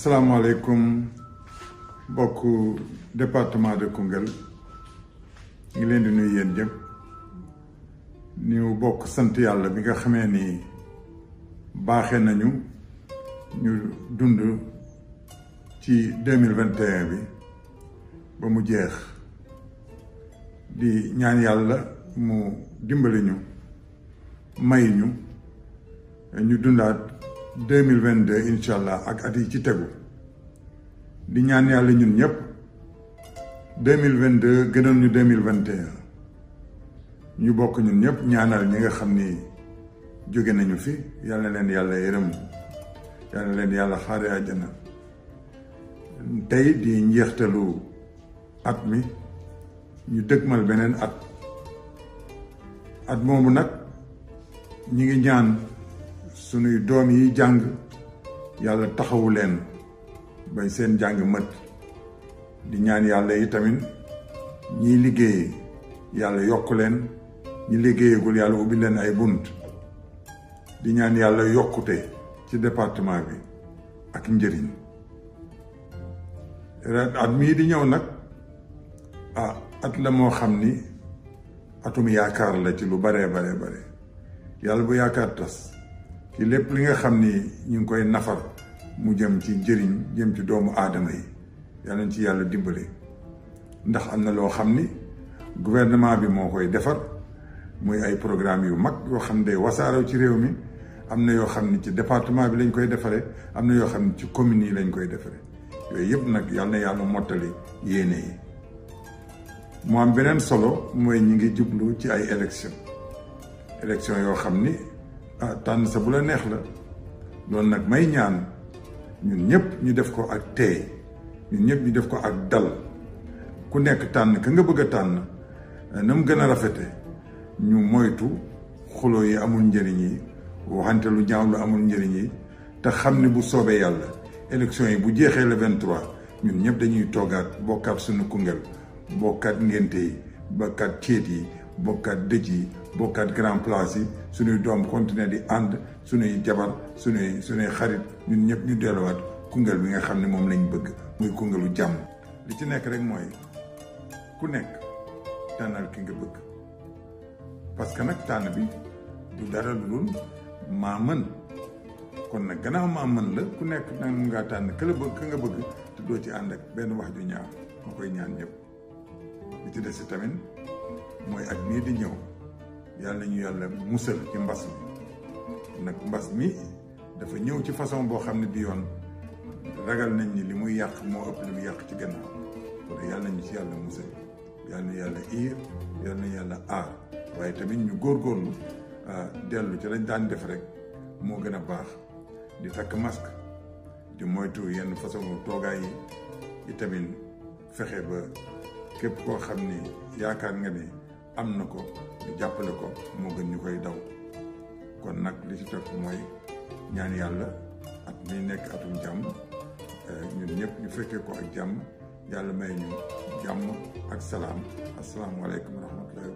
salaamaaleykum bokk département de Koungheul ngi leen di nuyu yéen ñëpp ñu bokk sant yàlla bi nga xamee ni baaxe nañu ñu dund ci deux vingt et bi ba mu jeex di ñaan yàlla mu dimbali ñu may ñu ñu dundaat. deux mille vingt deux incha allah ak at yi ci tegu di ñaan yàlla ñun ñëpp deux mille vingt deux gënoon ñu deux mille vingt et ñu bokk ñun ñëpp ñaanal ñi nga xam ni jóge nañu fi yàlla leen yàlla yërëm yàlla na leen yàlla xaare àjjana tey di njeextalu at mi ñu dëgmal beneen at at moomu nag ñi ngi ñaan. sunuy doom yi jàng yàlla taxawu leen bañ seen jàng mët di ñaan yàlla yi tamit ñiy liggéeye yàlla yokk leen ñi liggéeyagul yàlla ubbi leen ay bunt di ñaan yàlla yokkute ci département bi ak njëriñ at mii di ñëw nag ah at la moo xam ni atum yaakaar la ci lu baree bare bare yàlla bu yaakaar tas ci lépp li nga xam ni ñu ngi koy nafar mu jëm ci njëriñ jëm ci doomu aadama yi yàlla nañ ci yàlla dimbale ndax am na loo xam ni gouvernement bi moo koy defar muy ay programme yu mag yoo xam ne day wasaaraw ci réew mi am na yoo xam ni ci département bi lañ koy defaree am na yoo xam ni ci communes yi lañ koy defaree yooyu yëpp nag yal na yàlla mottali yéene yi mu am beneen solo mooy ñi ngi jublu ci ay élection élection yoo xam ni ah tànn sa bu la neex la loolu nag may ñaan ñun ñëpp ñu def ko ak teey ñun ñëpp ñu def ko ak dal ku nekk tànn ka nga bëgg a tànn eh, na mu gën a rafete ñu moytu xuloo yi amul njëriñ yi waxante lu ñaaw lu amul njëriñ yi te xam ne bu soobee yàlla élection yi bu jeexee le 23 ñun ñëpp dañuy toogaat bokkaat suñu kungel bokkaat ngénte yi bokkaat céet yi bokkaat dëj yi bokkaat grand place yi suñuy doom continuer di ànd suñuy jabar suñuy suñuy xarit ñun ñëpp ñu delluwaat Koungheul bi nga xam ne moom lañ bëgg muy Koungheulu jàmm li ci nekk rek mooy ku nekk tànnal ki nga bëgg parce que nag tànn bi du dara lu dul maa kon nag gannaaw maa mën la ku nekk nag mun ngaa tànn ka bëgg ka nga bëgg te doo ci ànd ak benn wax ju ñaaw ma koy ñaan ñëpp li ci des tamit mooy ak nii di ñëw yàlla nañu yàlla musal ci mbas mi nag mbas mi dafa ñëw ci façon boo xam ne bi yoon ragal nañ ni li muy yàq moo ëpp li mu yàq ci gannaaw kon yàlla nañu ci yàlla musal yàlla na yàlla iir yàlla na yàlla aar waaye tamit ñu góorgóorlu ah, dellu ci lañ daan def rek moo gën a baax di takk masque di moytu yenn façon toogaay yi itamit fexe ba képp koo xam ni yaakaar nga ni am na ko ñu jàppale ko moo gën ñu koy daw kon nag li ci topp mooy ñaan yàlla at mi nekk atum jàmm euh, ñu ñëpp ñu fekkee ko ak jàmm yàlla may ñu jàmm ak salaam asalaamualeykum wa rahmatulah.